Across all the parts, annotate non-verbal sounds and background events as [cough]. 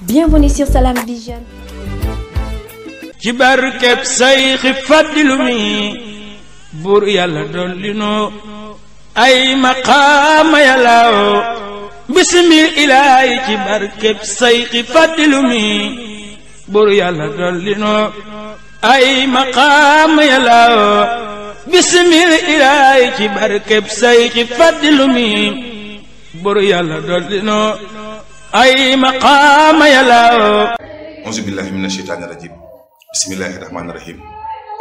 Bienvenue sur Salam Vision. ci barkeb Sayxi yàlla dolli noo ay maqaama yàllaaw bismil ilaahi ci barkeb Sayxi Fadilu mi buur yàlla ay maqaama yàllaaw bismil ilaahi ci barkeb Sayxi Fadilu mi buur yàlla ay maqaama yàlla auzu billahi mina sheytaani rajim bismillahi rahmaani rahim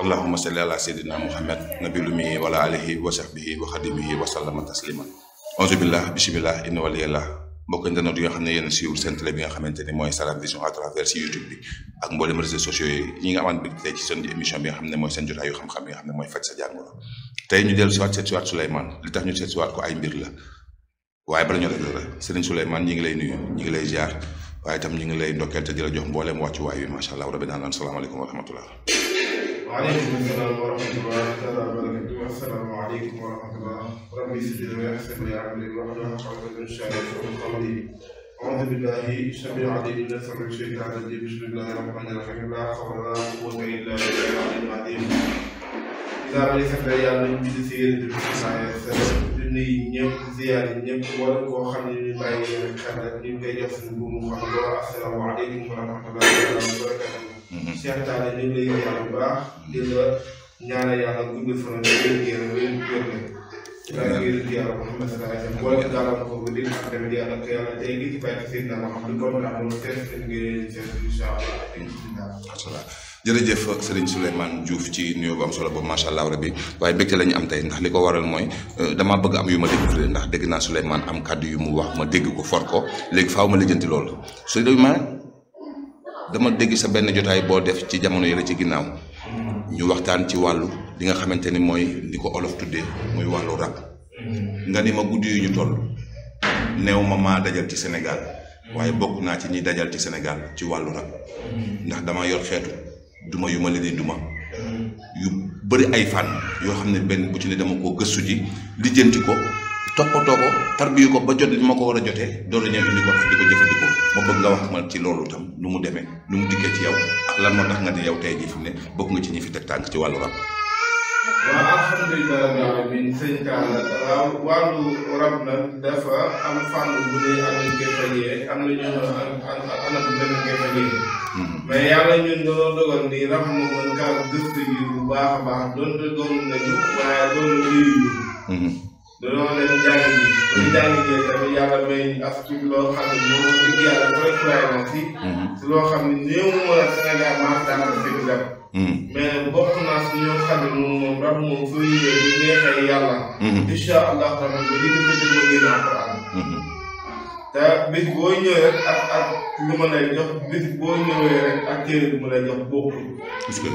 allahuma salli ala sayyidina muhammad nabil ummi wala alihi wa sahbihi wa taslima auzu billah ne yéen suivre seen télé bi nga xamante ne mooy Salam Vision à travers si YouTube bi ak mboolem réseaux sociaux yi nga amaan bi tey ci seen émission bi xam ne mooy seen jotaayu xam-xam yi mooy faj sa jàngoro tey ñu dellu siwaat seet siwaat Souleymane li tax ñu seet siwaat ko ay mbir la waaye bala ñoo def dara sëriñ ngi lay nuyu ñi ngi lay ziar waaye itam ñi ngi lay ndokkeel te di la jox mbooleem wàccuwaay bi macha allah rabbi naan salaamaaleykum wa rahmatullah. waaleykum salaam wa rahmatullah taala wa barakatu asalaamaaleykum wa rahmatullah nuyu ñëpp ziyaare ñëpp wala koo xam ne ñu bàyyi leen xel rek ñu koy def suñu buum xam nga asalaamaaleykum wa rahmatullahi wa barakatuh. Mm-hmm. Cheikh Talla ñu ngi lay ziyaar bu baax di la ñaanal yàlla gudd fan ak wér gu yaram wér gu yaram. daa ngi leen di yàlla Muhammad sallallahu alayhi wa sallam wala gàllankoor bi di ak tamit yàlla ko yàlla tey gi ci bàyyi seen dama xam ni comme daa doon test ngeen test incha allah. jërëjëf Serigne Souleymane Diouf ci nuyoo am solo boobu macha allah rabi waaye mbégte la ñu am tey ndax li ko waral mooy euh, damaa bëgg am yu ma découvrir ndax dégg naa Souleymane am kàddu yu mu wax ma dégg ko for ko léegi faaw ma lijjanti loolu Souleymane dama dégg sa benn jotaay boo def ci jamono yële ci ginnaaw ñu waxtaan ci wàllu li nga xamante ni mooy li ko olof tuddee muy wàllu rab nga ni ma guddi yu ñu toll néew ma maa dajal ci senegal waaye bokk naa ci ñi dajal ci Sénégal ci wàllu rab dama yor duma yu ma leen di duma yu bëri ay fan yoo xam ne benn bu ci ne dama koo gëstu ji lijjanti ko toppatoo ko tarbiyu ko ba jot li ma ko war a jotee doole ñëw indi ko tax di ko jëfandikoo ma bëgg nga wax man ci loolu tam nu mu demee nu mu dikkee ci yow ak la moo tax nga ne yow tey jii fi ne bokk nga ci ñi fi teg tànk ci wàllu rab. waaw alhamdulilah rabbil alamin sëñ Talla waaw wàllu rab nag dafa am fànn bu ne am na koy fajee am nañu anam anam benn koy fajee. mais yàlla ñun dañoo dogal ni rax na mën kaa gëstu yi baax baax donte doon nañu waaye doon liir ñu. Mhm. dañoo leen jàng ji. bu ñu jàng jee loo xam ne moom wax dëgg yàlla fay na si. Mhm. si loo xam ne néew a Sénégal maa daanaka dëgg la. Mhm. mais bokk naa si ñoo xam ne moom moom rax moom fooy yéegee neexee yàlla. incha allah rabi ba li dëkk dëgg la te bis boo ñëwee rek ak ak lu jox bis boo ñëwee rek ak téere bu ma lay jox bokkul.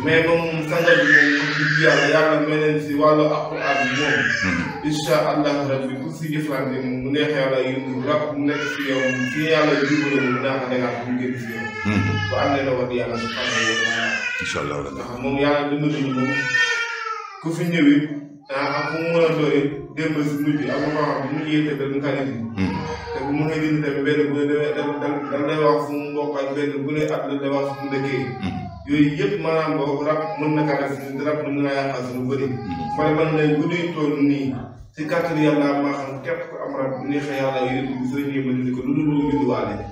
mais moom moom sànqal bi moom ñu yàlla yàlla may leen si wàllu alxuraan bi moom. Mm-hmm. incha allah ku si jëflante mu neex yàlla yëngu rab mu nekk si yow si yàlla mu naax a dangaa ko ngeen si yow. bu àndee na wax yàlla ku fi ñëwee ah ak mu mën a doon démb si ak mu xam ne mu ngi yéete ba mu kanam. Mm-hmm. mu nga mm-hmm. na kaa si rab mën na yàqal si lu bëri. Mm-hmm. man a yàlla yëpp soo ñëwee ba dindi ko lu dul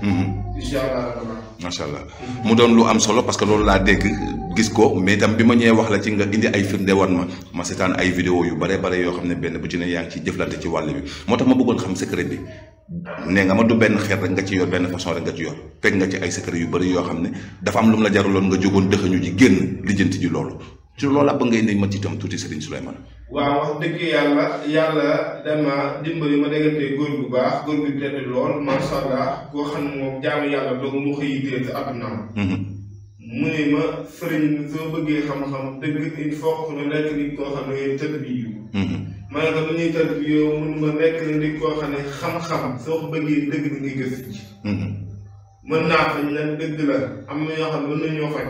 mm-hmm. allah. mu doon lu am solo parce que loolu laa dégg gis ko mais tam bi ma ñëwee wax la ci nga indi ay firnde ma ma seetaan ay vidéo yu bare bare yoo xam ne benn bu ci ne yaa ci jëflante ci wàll bi moo tax ma bëggoon xam secret bi nee nga ma du benn xeet rek nga ci yor benn façon rek nga ci yor fekk nga ci ay secret yu bëri yoo xam ne dafa am lu mu la jaraloon nga jógoon dëxëñu ji génn lijjanti ji loolu ci loolu la ba ngay indi ma ci itam tuuti Serigne Souleymane. waaw wax dëgg yàlla yàlla dama dimbali ma déggante góor bu baax góor bu tedd lool macha allah koo xam ne moom jaamu yàlla doog mu xëy dëgg ci àddunaam. Mhm. mu ne ma sëriñ soo bëggee xam-xam dëgg il faut que nga nit koo xam ne ngay tëdd bi ma ne ko bu ñuy tarbiya mun nekk na nit koo xam ne xam-xam soo bëggee dëgg bi ngay gëstu ci mm-hmm. mën naa fañ nag dëgg la am na ñoo xam ne mën nañoo faj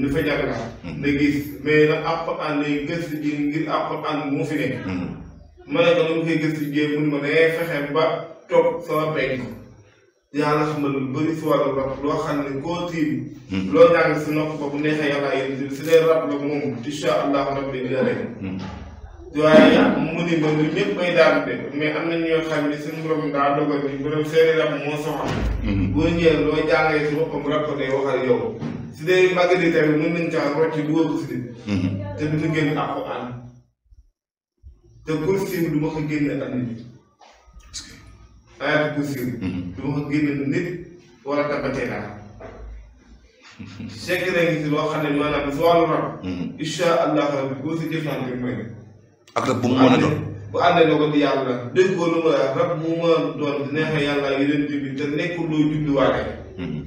ñu fa jàll la nga gis mais nag Alxuraan lay gëstu ji ngir Alxuraan moo fi nekk mm-hmm. ma ne ko nu koy gëstu jee mun ma dangay eh, fexe ba toog sama benn yàlla xamal lu bëri si wàllu rab loo xam ne koo tiim mm-hmm. loo jàng si nopp ba bu neexee yàlla si si rab la moom incha allah rabbi dina rek doyen mu ni ma du ñëpp daan de mais am na ñoo xam ne suñu borom daa dogal ni borom rab moo soxal. Mhm. boo ñëwee loo jàngee si boppam rab ko day waxal yow. si dee magasin tamit mën nañ caa rocc dugal ko si nit. Mhm. te du ñu génn ak ko ànd. te kursi bi du ma ko génne ak nit. ayatu kursi bi. du ma ko génne nit wala tabatee naa. [laughs] sekk si loo xam ne maanaam si wàllu rab. Mhm. incha allah rabbi boo si ak rab bu mu mën a doon bu àndee dogal di yàlla déggoo lu mu la rab mu mën a doon neexee yàlla yeneen bi te nekkul loo judduwaale hmm.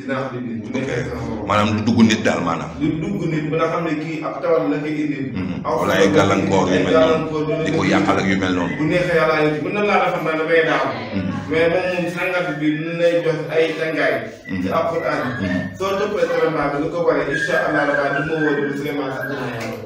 dinaa xam ne bu nekkee maanaam du dugg nit daal maanaam. du dugg nit ba nga xam ne kii ab tawat la koy indi. Hmm. wala ay gàllankoor yu mel noonu di ko yàqal ak yu mel noonu. bu neexee yàlla yëpp mën na laa defar naa dafay daaw. Hmm. mais moom moom sangat bi ñu lay jox ay tàngaay. ci alquran. soo toppee traitement bi lu ko waree incha allah rabaa ni ma woo di Souleymane ak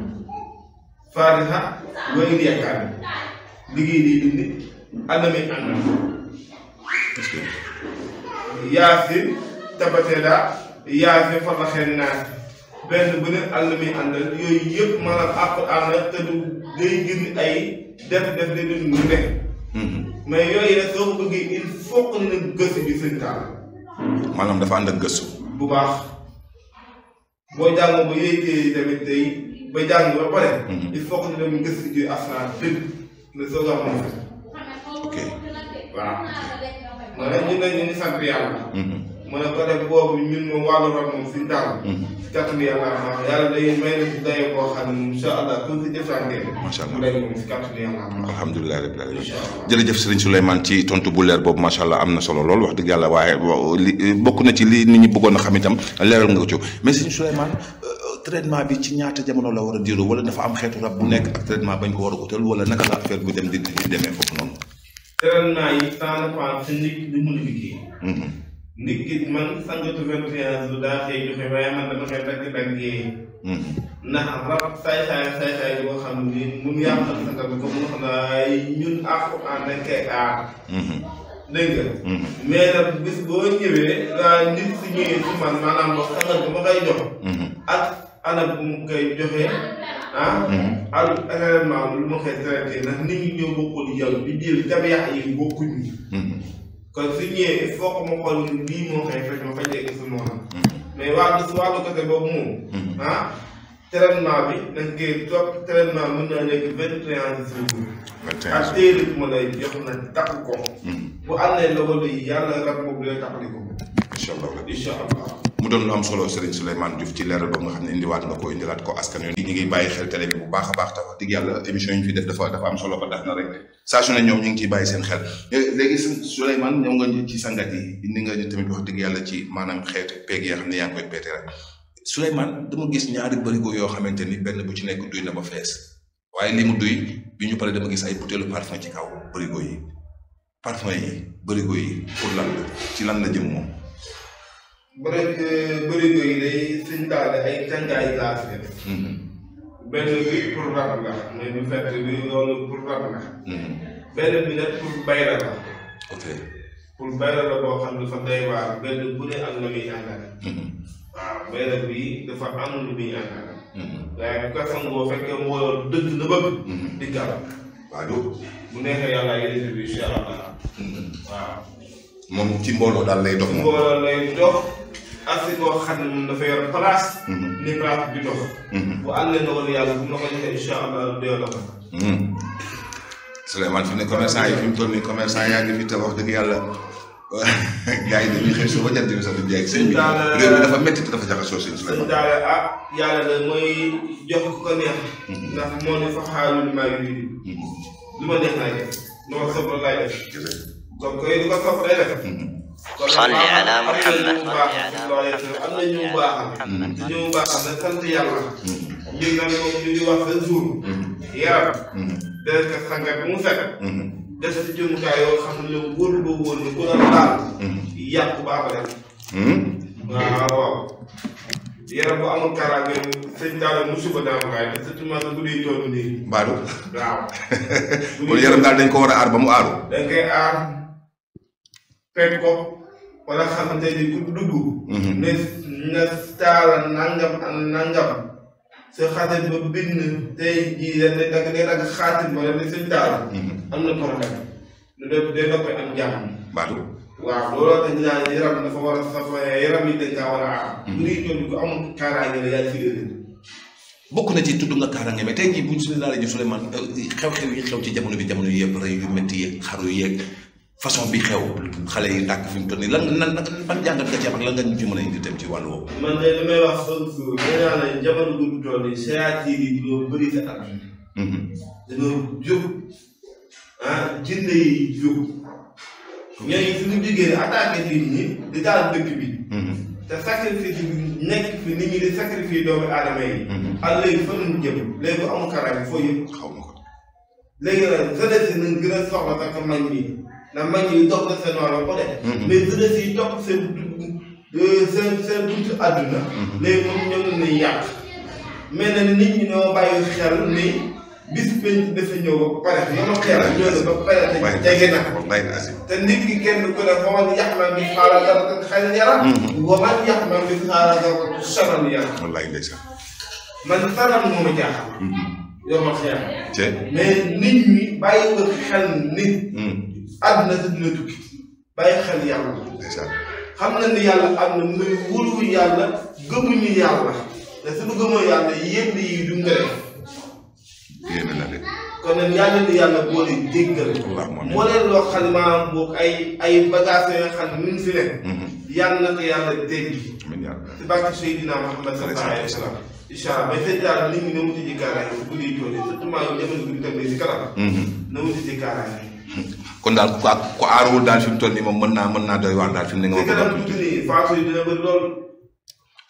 faatiha looy lekkaan liggéey day dund alami àndal yaasin tabatela yaasin fataxen naa benn bu ne alami àndal yooyu yëpp maanaam àqu ànd te du day gën ay def def day dund lu nekk mais yooyu nag soo ko bëggee il faut que na gëstu bi sëñ taal maanaam dafa ànd ak gëstu bu baax boo jàng ba yooyu téye tamit tey ba jàng ba pare. Mhm. il faut que ñu dem gëstu ji assurance dëgg la soog a mën ok waaw. ma ne ñu ne ñu ngi sant yàlla. ma ne ko def boobu ñun moom wàllu rab moom suñu daal. Mhm. ci kàttan yàlla am yàlla day may na si dayoo boo xam ne incha allah pour si jëfandikoo. macha allah mu lay moom si kàttan yàlla am. alhamdulilah rabbil alamin jërëjëf Serigne Souleymane ci tontu bu leer boobu macha allah am na solo lool wax dëgg yàlla waaye li bokk na ci li nit ñi bëggoon a xam itam leeral nga ko ci mais Serigne Souleymane. Euh, traitement bi ci ñaata jamono la war a diiru wala dafa am xeetu rab bu nekk ak traitement bañ ko war a utal wala naka la affaire bi demee foofu noonu. traitement mhm. mhm. ñun àqu ànd ak kay mhm. aar. mais nag bis boo ñëwee nit si ñëwee ci man maanaam ba sanga bi ma jox. ak alal bu mu koy joxee ah. Mm-hmm. al élément lu ma koy traité ndax nit ñi ñoo bokkul yow di jël tabiyax yi bokkuñu. Mm-hmm. kon su ñëwee il faut que ma xool lii moo koy fekk ma faj léegi su noonu. mais waa gis wàllu côté boobu moom. Mm-hmm. ah traitement bi dañ na nekk vingt et un jours. vingt et un jours ak téere bi ma lay na takk bu àndee loolu yi yàlla rab boobu lay taxaliku. incha mu doon lu am solo Serigne Souleymane Diouf ci leeral boobu nga xam ne indiwaat nga ko indilaat ko askan wi. ñu ngi bàyyi xel télé bi bu baax a baax te wax dëgg yàlla émission yi fi def dafa dafa am solo ba tax na rek saa su ñoom ñu ngi ciy bàyyi seen xel eh, léegi sëñ Souleymane ñëw nga ci sangat yi indi nga tamit wax dëgg yàlla ci maanaam xeet peeg yi nga xam ne yaa ngi koy peete rek dama gis ñaari bërigo yoo xamante ni benn bu ci nekk duy na ba fees waaye li mu duy bi ñu paree dama gis ay butéelu parfum ci kaw bërigo yi parfum yi bërigo yi pour lan ci lan jëm moom. bëri euh, bërigo day suñ daal ay càngaay glace la. Mhm. benn bi pour rab la mooy bu fekk bi noonu pour rab la. Mhm. benn bu ne am na muy àndal. Mhm. waaw bayra bi dafa am lu muy àndal. waaye bu ko sangoo fekkee mbooloo dëgg na bëgg. di gàll. bu neexee yàlla yeneen bi incha allah moom ci mbooloo daal lay dox moom. mbooloo lay dox ak si koo xam ne moom dafa yor place. Mhm. ni place bi dox. Mhm. bu àndee ndogal yàlla bu ma ko joxee incha allah delloo la ko. Souleymane fi gaa [laughs] yi dañuy xëy suba jant bi sax di jaay sëñ bi réew mi dafa métti te dafa jaxasoo sëñ Souleymane daal ah, yàlla de mooy jox ko neex. Mhm. ndax moo ne fa xaalu li maa lu ma neex laay def lu ma sopp laay def donc yooyu ko sopp day def mm-hmm. salli ala Muhammad am na ñu baaxal te ñu baaxal sant yàlla mm-hmm. ñun nag moom ñu ngi wax sa jour mm-hmm. yaram ka sangat bi mu set def xam ne wóor boo wóor ni ku la laal yàqu baax a def waaw yéen bu amul kaaraange sëñ Talla musiba daa ma kaay te surtout maanaam bu dee coono nii. mbaadu waaw. kon [laughs] yaram daal dañ ko war a aar ba mu aaru. dañ koy aar pep ko wala xamante mhm. tey jii dañ ne da nga dagg xaatim ba ne mhm. am na problème. lu dee da koy am jàmm. mbaadu. waaw loolu la dafa war a safa yaram yi dañ war a aar. luy mhm. ñoom bu amul kaaraange la yaa ngi bokk na ci tudd nga kaaraange mais te jii buñ suñu laalee ñu Souleymane euh, xew-xew yi xew ci jamono bi jamono yëpp rey yu métti yeeg xaru yeeg façon bi xew xale yi tàkk fi mu toll nii lan lan ban jàngat nga ci am ak lan nga ci wàllu woowu. man de li may wax soo ko nee naa la jamono bu ñu toll nii séyaatiir mhm. ah, yi bëri te am. dañoo jóg ah ñooñu suñu jógee attaqué fii nii di daal dëkk bi. Mhm. te sacrifice bi nekk fi nit ñi di sacrifice doomu aadama yi. Mhm. ak léegi fa lañu a soxla sax ñi ndax mag ñi dox na seen wàll ko de. Mhm. mais jeunesse yi topp seen euh, seen seen buntu àdduna. léegi moom ñoom yàq. mais nit ñi ñoo bàyyi xel ni. bis bi dafa ñëw ba pare yow xeetu ñëw ba pare jege na te nit ki kenn ku ne xamal yàq naa bi xaaral dara te xëy na yàlla. Mm-hmm. waman yàq naa bi xaaral dara te sonal yàlla. wallaay ndeysaan. man taram moo ma jaaxal. Mm-hmm. xel nit. Mm-hmm. àdduna te dina tukki xam na ni yàlla am na muy wóolu yàlla gëmuñu yàlla te suñu gëmoo yàlla yépp yi duñ yéen la de. kon nag yàlla na yàlla boole jéggal. moo leen loo xam ne maanaam ay ay bagages yoo xam ne fi nekk. Mm-hmm. yàlla na ko yàlla dégg. amiin yàlla ci barke Seydina Muhammad sallallahu alayhi wa sallam. incha allah bay fekk daal nit ñi na mu tijji kaaraange bu guddee joxe si kanam. Mm-hmm. na mu tijji kaaraange. Mm-hmm. kon daal ku ku aaruwul daal fi mu toll nii moom mën naa mën naa daal fi mu nga. wax dina bëri lool.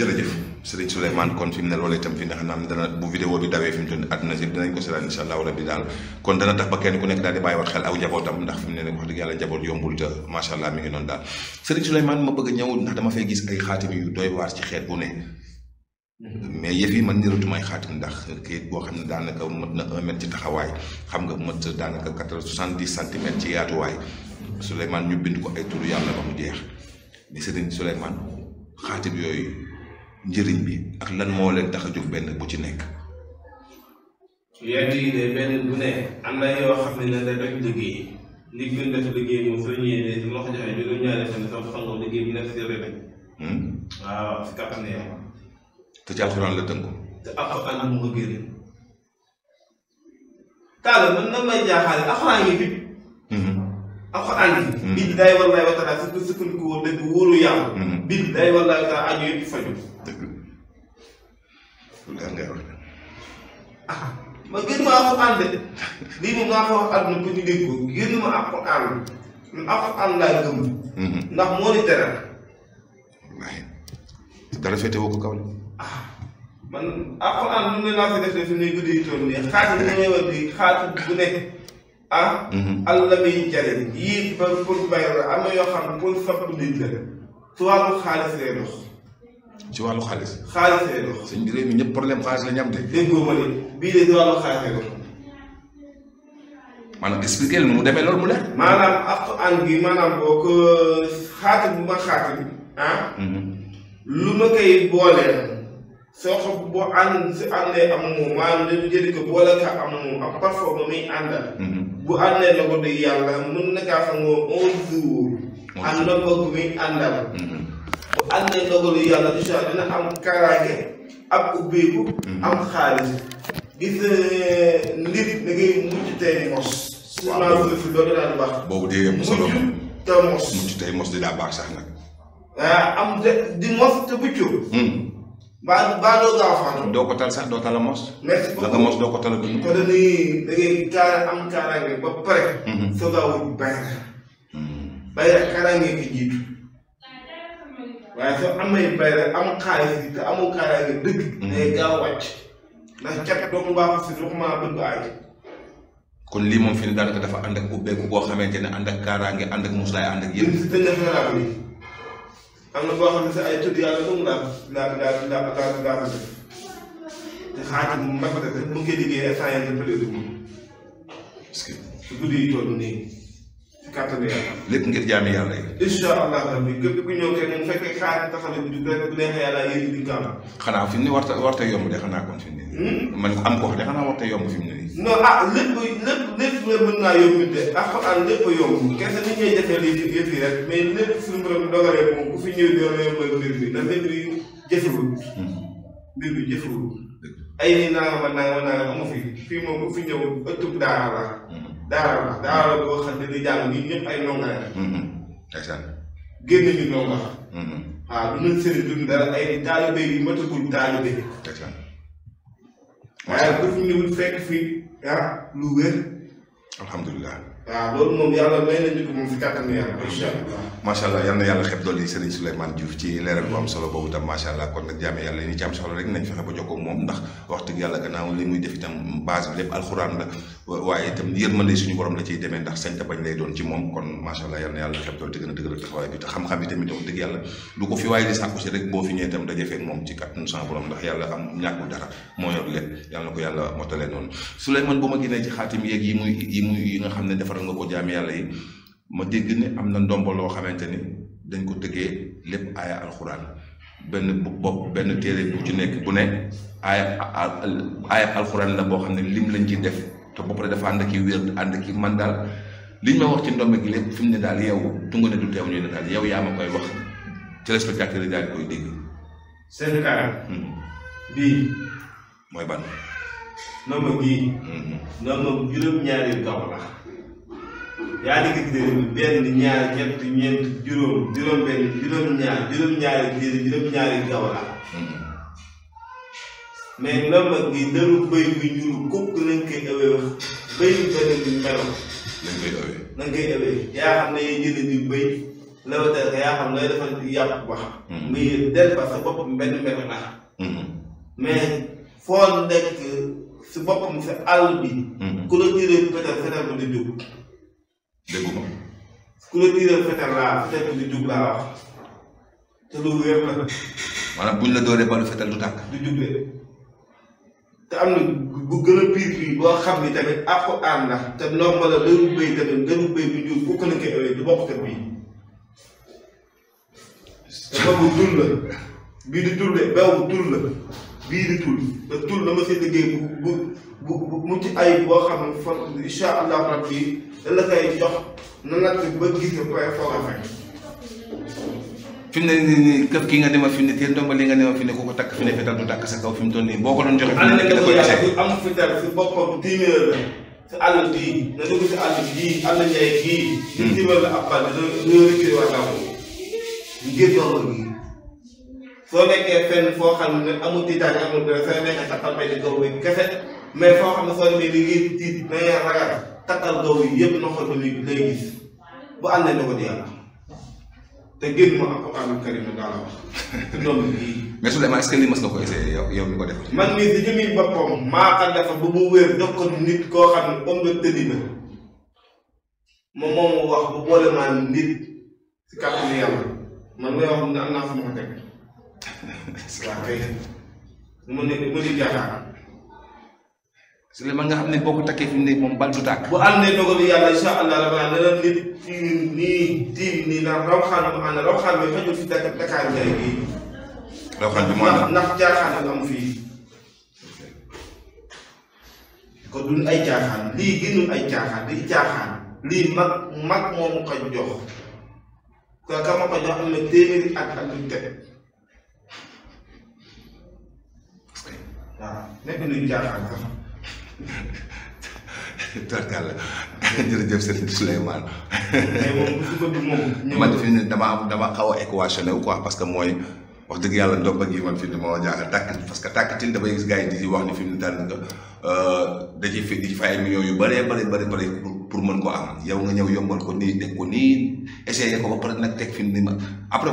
jërëjëf sëriñ Souleymane kon fi mu ne loolu itam fi ne xam naa dana bu vidéo bi dawee fi mu dana sëriñ Souleymane a mais yëf man niratuma ay xaatim ndax kayit boo xam ne daanaka mët na un mètre ci taxawaay daanaka quatre soixante dix centimètres ci yaatuwaay Souleymane ñu bind ko ay turu yàlla ba xaatim yooyu njëriñ bi ak lan moo leen tax a jóg benn bu ci nekk. yàgg yi de benn bu ne am na yoo xam ne da doon liggéey li gën def liggéey moom soo ñëwee ne loxo joxe juróom-ñaari fan sax fangoo liggéey bi nekk si hmm? waaw si kattan yàlla. te ci alxuraan la tënku. te alxuraan moo gën. taal man nan may jaaxaale alxuraan yi fi. alxuraan bi. bii day wallaay day wallaay wa taala aju yëpp faju. dëgg la. ko ah, wax àdduna ko ñu dégg ko gën ma alxuraan ñun alxuraan laa gëm. Mm-hmm. ndax moo di teral. waaye dara féete woo ko kaw la. Ah, ne naa fi def fi guddi yi nii xaatu bi may wax nii xaatu bu nekk. ah. al mhm. la muy jariñ yii ba pour bayro la yoo xam ne pour soppi nit la ci wàllu xaalis lay dox. ci wàllu xaalis. xaalis lay dox. sëñ bi réew mi ñëpp problème xaalis la ñu am de. déggoo bii de ci wàllu xaalis lay dox. maanaam expliqué leen mu demee loolu mu maanaam boo ko xaatim bu ma xaatim ah. Mhm. lu ma koy booleel. soo ko boo ànd si àndee am moom maanaam dañu jëli ko boole ka am moom muy àndal. Mhm. bu àndee na ko dëgg yàlla mën na kaa sangoo onze jours ak ndox mi àndal mm-hmm. bu àndee ndogalu yàlla incha allah dina am kaaraange ak ubbeeku mm-hmm. am xaalis gis ndirit eh, da ngay mucc tey mos waaw boobu fi loolu daal baax boobu dee mos mucc te mos mucc tey mos di daa baax sax nag ah, te di te mucc mm-hmm. ba doo gaaw a faatu. doo ko tal sax doo tala mos. merci beaucoup mos doo ko tala dund. te dañuy da ngay kaara am kaaraange ba pare. Mhm. Mhm. soo gaaw wut baykat. baykat am xaalis bi te amoo kaaraange dëgg. Mhm. da ngay gaaw a wàcc ndax cat doomu baaxul si doxumaa bëgg a aji. kon lii moom fi ne daanaka dafa ànd ak ubbeeku boo xamante ne ànd ak kaaraange ànd ak muslaay ànd ak yéen. dëgg si am na boo xam ne sa ay tudd yàlla dong laa laa laa laa laa laa def te xaaj mu mag a def mu ngi koy liggéeyee saa yenn pële du moom parce que su guddi yi toll nii si kàttanu yàlla. lépp ngir jaami yàlla yi. incha allah rabbi képp ku ñëw kenn mu fekkee xaar taxaw bu jub rek bu neexee yàlla yéen di ko am. xanaa fi mu ne warta warta yomb de xanaa kon fi mu man am ko wax de xanaa waxta yomb fi mu ne nii. non ah lépp lépp lépp nga mën naa yomb de ah, alxuraan lépp a yomb kese ni ñuy defee lii yëf yi rek mais lépp suñu borom dogalee moom ku fi ñëw di la yombal mbir mi ndax mbir mi jëfewul. mbir mi jëfewul. ay nii nangama nangama nangama amu fi fii moom ku fi ñëw ëttub daara la. daara la daara la boo xam ne di jàng nii ñëpp ay ndongo la. ndeysaan. génn ñu ndongo. Mm-hmm. waaw lu ñu sëriñ dund dara ay taalibe yu matagul taalibe. ndeysaan. waaye bu fii dara ah, lu wér. alhamdulilah. waaw loolu moom yàlla may nañu ko moom si kàttanu yàlla. incha allah yal na yàlla xeb dolli Serigne Souleymane Diouf ci leeral bu am solo boobu tam macha allah kon nag jaame yàlla ni ci am solo rek nañ fexe ba jokkoo ak moom ndax waxtu yàlla gannaaw li muy def itam base bi lépp alxuraan la. waaye itam yërmande suñu borom la ciy demee ndax sañta bañ lay doon ci moom kon macha allah yal na yàlla def te gën a dëgëral dëgg rek moom ci kàttanu sa borom ndax yàlla yàlla ko yàlla mottale ma génnee ci xaatim yeeg yi muy yi muy yi nga xam ne defaral nga ko jaami ma dégg ne am na ndombo loo xamante ni dañ ko dëggee lépp aaya alxuraan benn bopp benn téere bu ci nekk bu ne aaya aaya alxuraan la boo xam ne lim lañ ci def te ba pare dafa ànd ak i wér ànd ak man daal liñ ma wax ci ndombe gi lépp fi ne daal yow tunga ne du teew ñu ne daal yow yaa koy wax téléspectateur yi daal koy dégg. seen karam. Hmm. bii. mooy ban. ndombe gii. Hmm. ndombe juróom-ñaari gaw yaa ngi gis benn ñaar ñett ñeent juróom juróom ñaari juróom mais ndomba gi dëru bëy bi ñuul kukk nañ koy awee wax bëy bi bëri bi melo. nañ koy awee nañ koy awee yaa xam ne yéen jëlee di bëy lewatee ko yaa xam ne dafa yàpp wax. muy del parce que boppam benn melo na mm-hmm. mais foo nekk si boppam si àll bi. Mm-hmm. ku la tiiree fetal fetal ba di jóg. dégguma. ku la tiiree fetal laa fetal ba di jóg laa wax te loolu yëpp la. maanaam buñ la dooree ba lu fetal du tàkk. du jóg te am na bu gën a pire pire boo xam ni tamit alxuraan la te normal la dëru béy tamit dëru béy bu ñuul bu ko la koy awee du bokk bii te bii di tul de boobu tul la bii di tul te tul dama si liggéey bu bu bu mucc ay boo xam ne fan incha allah rabbi da la koy jox na natt ba gis nga koy fi mu ne nii këf kii nga ne ma fi li nga ne ma ne ku ko takk fi ne du tàkk sa kaw fi mu nii boo ko doon joxe. fi ne da koy ese am fi dara si boppam téeméer la si àll bii na dugg si àll bii àll ñay bii. li téeméer la ab bal soo nekkee fenn foo xam ne amul tiitaange amul dara soo nekkee takkal foo xam ne soo demee li ngeen tiit na ngeen ragal takkal gaw yi ko doon te génn ma alxuraanul karim daal la wax te doom bi. mais Souleymane est-ce que lii mas nga ko essayé yow yow mi ko defal. man mii si jëmi boppam maa ko defar ba mu wér jox ko nit koo xam ne homme de tëddi na moom moo wax bu boole maa nit si kàttanu yàlla man may wax am naa fu ma ko teg [laughs] waaw kay mu ne mu ne jaaxaar Souleymane nga xam ne boo ko takkee fi mu ne moom bal du bu ànd ne dogal yàlla incha allah rabbi ne nii diir nii ndax raw xaal bu ànd raw raw xaal mu ànd ndax jaaxaan am fii. lii mag mag moom ko jox te ka jox am na téeméeri at ak luñ teg waaw nekk luñ caaxaan sax Tarkalla jërëjëf Serigne Souleymane. mais man fi dama am dama xaw a équationné wu quoi parce que mooy wax dëgg yàlla ndomba gi man fi mu ne ma jaaxal parce que tàkkatil damay gis gars yi wax ni fi mu ne daanaka euh, da fi di fay ay millions yu bëree bëri bëri bëri pour mën ko yow nga ñëw yombal ko nii teg nii essayé ko ba pare nag teg fi mu ne ma après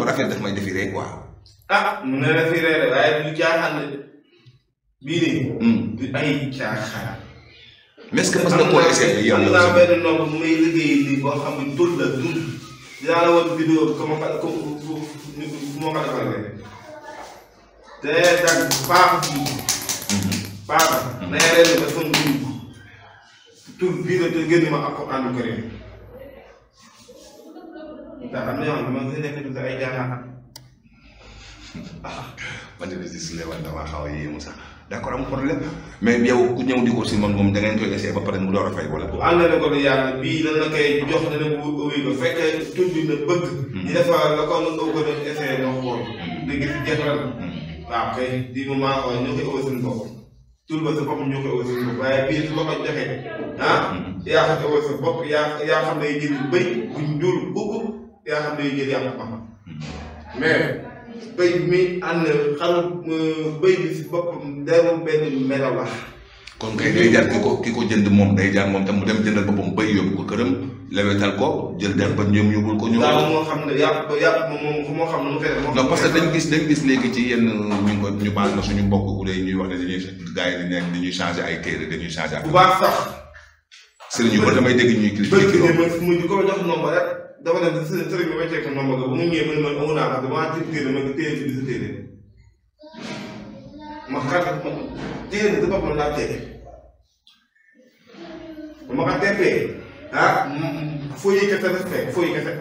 ah mu ne la firé waaye du jaaxal bii de. Hmm. ay caaxaan. mais est-ce que mos na koo essayé yow. am naa benn nopp bu may liggéey nii boo xam ne tur la tur dinaa la woon vidéo ko ma ko ma ko defal rek. te daal baaxu jiw. baaxu. na nga hmm. leen dafa mën tur bii la te génn ma ak ko ànd ko rek. ndax am na yoo xam ne man fi nekk du ay jaaxaan. ah [laughs] man de bis su dee wàll damaa xaw a yéemu sax. d'accord am problème mais yow ku ñëw di ko man moom da koy essayé ba pare mu door a fay wala. bu àndale ko ne yàlla bii la koy jox dana bu wéy ba fekk tur ba sa bopp ñu koy bopp waaye bii su ma ko joxee ah, hmm. yaa xam ne ëwësul bopp yaa yaa xam yaa xam ne jël yàlla ba xam hmm. mais. bëy mi ànd xaru euh, bëy bi si boppam deru benn melawax kon kay day jaar ki ko ki ko jënd moom day jaar moom tam mu dem jëndal boppam bëy yóbbu ko këram lewetal ko jël dem ba ñoom ko. ñu daal moo xam ne yàpp yàpp moom moo xam ne mu parce que dañ gis dañ gis léegi ci yenn ñu ko ñu baal na suñu mbokk bu dee ñuy wax ne dañuy changer ay téere dañuy changer. bu baax sax. sëriñ yu bëri damay dégg ñuy critiquer. bëri bi ko jox nombre rek. dama ne së sëriñ bi ma ceeg ba mu ñëwee mën man amu naa ko damaa ci téere ma téere ci bisu téere ma xaar ma téere si boppam laa téere bu ma ko teppee ah fooyi kese respect fooyi kese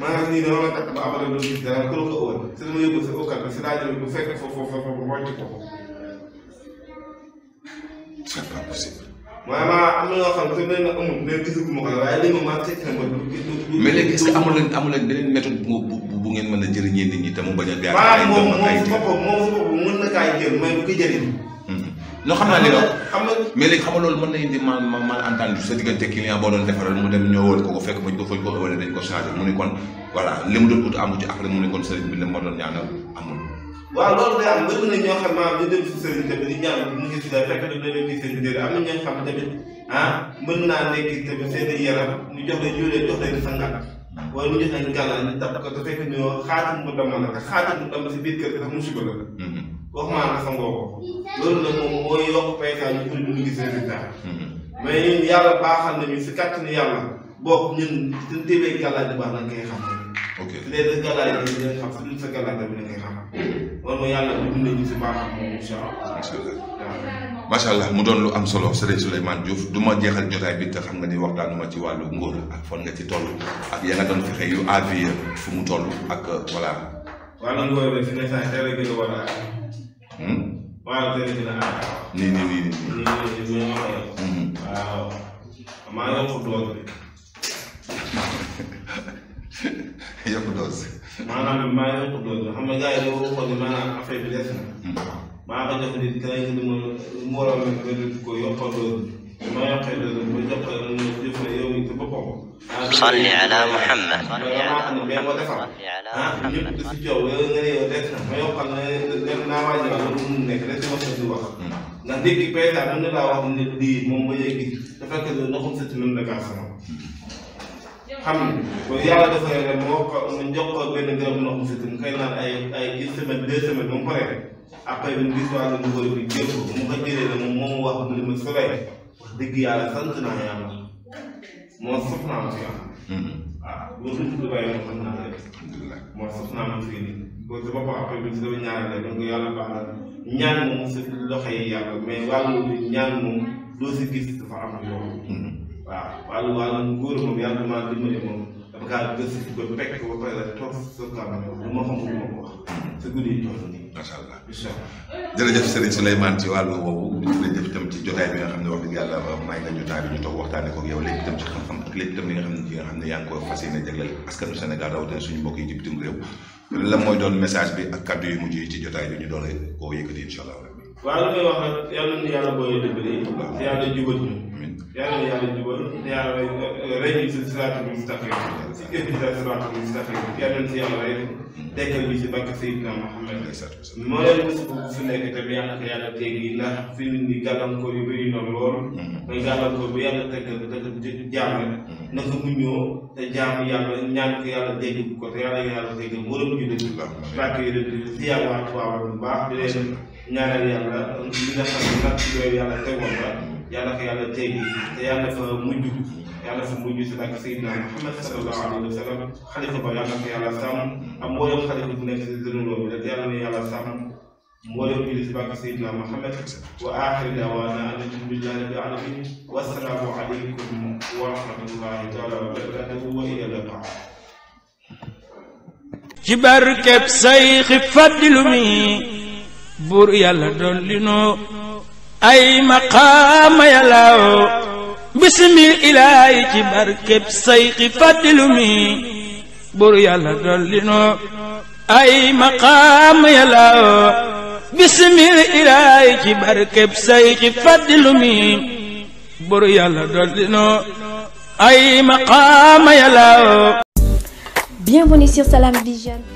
maanaam nii dama la takk ba abada doo gis dara kër ko ëwal si dama yóbbu sa okkal ba si laa jël bu fekk foofu foofu foofu mooy ci foofu c'est pas possible maanaam am na loo xam ne dafa amul mais waaye léegi ma fekk na ma mais léegi est-ce que amu leen beneen méthode bu bu ngeen mën a jëriñee nit ñi te mu bañ a. gaañ moom moom boppam moom boppam mën na kaay jël mais bu ko jëriñ. loo hmm. xam naa li nga léegi xam loolu mën na indi man man man sa diggante client boo doon defaral mu dem ñëwoon ko ko fekk bañ ko fañ ko ëwalee dañ ko changé mu ne kon voilà li mu doon ut amu ci après mu ne kon sëriñ bi la ma doon ñaanal amul waaw loolu day am bëri na ñoo xam maanaam ñu dem si sëriñ tamit di jàng mu ngi si dara fekk na dañoo gis seen biir am na ah, naa nekk tamit ñu jox leen ñu leen jox leen sa ngàll wala mu jox leen gàllal ñu ko te fekk ñoo xaatim mu dama la te mu dama si biir kër gi sax musiba la mm-hmm. wax maa nga sangoo ko loolu nag moom mooy yokk paysan ñu pour ñu gis résultat mm-hmm. mais ñun yàlla baaxal nañu si kàttanu yàlla bokk ñun suñ tébee gàllaaj baax nañ koy xam ok léegi allah. mu doon lu am solo Serigne Souleymane Diouf du ma jeexal jotaay bi te xam nga ni waxtaanuma ci wàllu ngóor ak fan nga ci toll ak ya nga doon fexe yu avié fu mu toll ak voilà. wàllu nga saa teel a gën a war a waaw hmm? teel a gën nii nii nii nii. Hmm. waaw maa ngi am [laughs] [laughs] yokk dose. maanaam maa yokk dose xam nga gars yi dafa waxoon ne maanaam affaire bi des na. Hmm. maa ko jox nit keneen ki mu mu waroon a ko yokkal dose bi ma yokkee dose bi ma jox ko yow mii ci boppam. Ah, salli ala Muhammad. ah ñëpp dafa coow yow nga ne yow des na ma yokkal na naa wàññi wax lu mu nekk rek ma ko di wax. Hmm. ndax dégg président mën na laa wax ne lii moom ba léegi dafa fekk ne ndoxum sa ci même la hmm. xam nga yàlla defee ne moo ko jox ko benn garab ndox mu sëtin xëy naan ay ay une semaine deux semaines ba mu paree après bi mu gis waa nga bi jël ko mu ko jëlee la moom wax mu ne ma sobee wax dëgg yàlla sant naa yàlla moo sof naa ma si yàlla waaw boo dund lu bàyyi moom xam naa la moo sof naa ma fii nii boo si boppam après bi si dafa ñaanale donc yàlla baax na ñaan moom si loxo yi yàlla mais wàllu ñaan moom doo si gis dafa am loolu waaw wàllu wàllu nguur moom yàlla damaa dimbali moom dama kaa gëstu ba pekk ba pare la toog sa kàmba lu ma xam lu ma ko wax ci wàllu woowu xam ne wax yàlla may nga ñu ñu toog waxtaane ko yow lépp xam ne ci nga xam ne sénégal ngi ko suñu mbokk yi ci bitim réew lan mooy doon message bi ak kaddu yu mujj yi ci jotaay bi ñu doole koo yëkkati incha allah waaw li may wax rek yàlla nu yàlla booy dimbali yàlla jubal ñu yàlla yàlla jubal yàlla rey ñu si siraatul mustaqim si képp si siraatul mustaqim yàlla na si yàlla rey dekkal bi si barke Seydina Muhammad moo leen gis bu fi nekk tamit yàlla ko yàlla teggi ndax fi mu ni gàllankoor yu bëri na lool mooy gàllankoor bu yàlla tegal tegal jaam la naka mu ñëw te jaam yàlla ñaan ko yàlla dégg bu ko te yàlla yàlla teggal moo doon ñu dëgg barke yu dëgg si yàlla waa bu baax di leen ñaanal yàlla li nga xam ne nag yooyu yàlla tegoon la yàlla fa yàlla tey te yàlla fa mujj yàlla fa mujj si barke Seydina Muhammad sallallahu alayhi wa sallam xalifa ba yàlla fa yàlla sàmm ak mboolem xalifa bu nekk si dënuloo bi rek yàlla na yàlla sàmm mboolem julli si barke Seydina Muhammad wa aaxiri daawaana an alhamdulillahi rabbil alamin wa salaamu aleykum wa rahmatullahi taala wa barakatuhu wa ila liqaa ci barkeb say xi fàddilu mi buur yàlla dolli noo ay maqaama yàllaaw bismil ilaahi barkeb sayxi fàddilu mi buru yàlla dolli noo ay maqaama yàllaaw bismil ilaahi barkeb sayxi fàddilu mi buru ay maqaama yàllaaw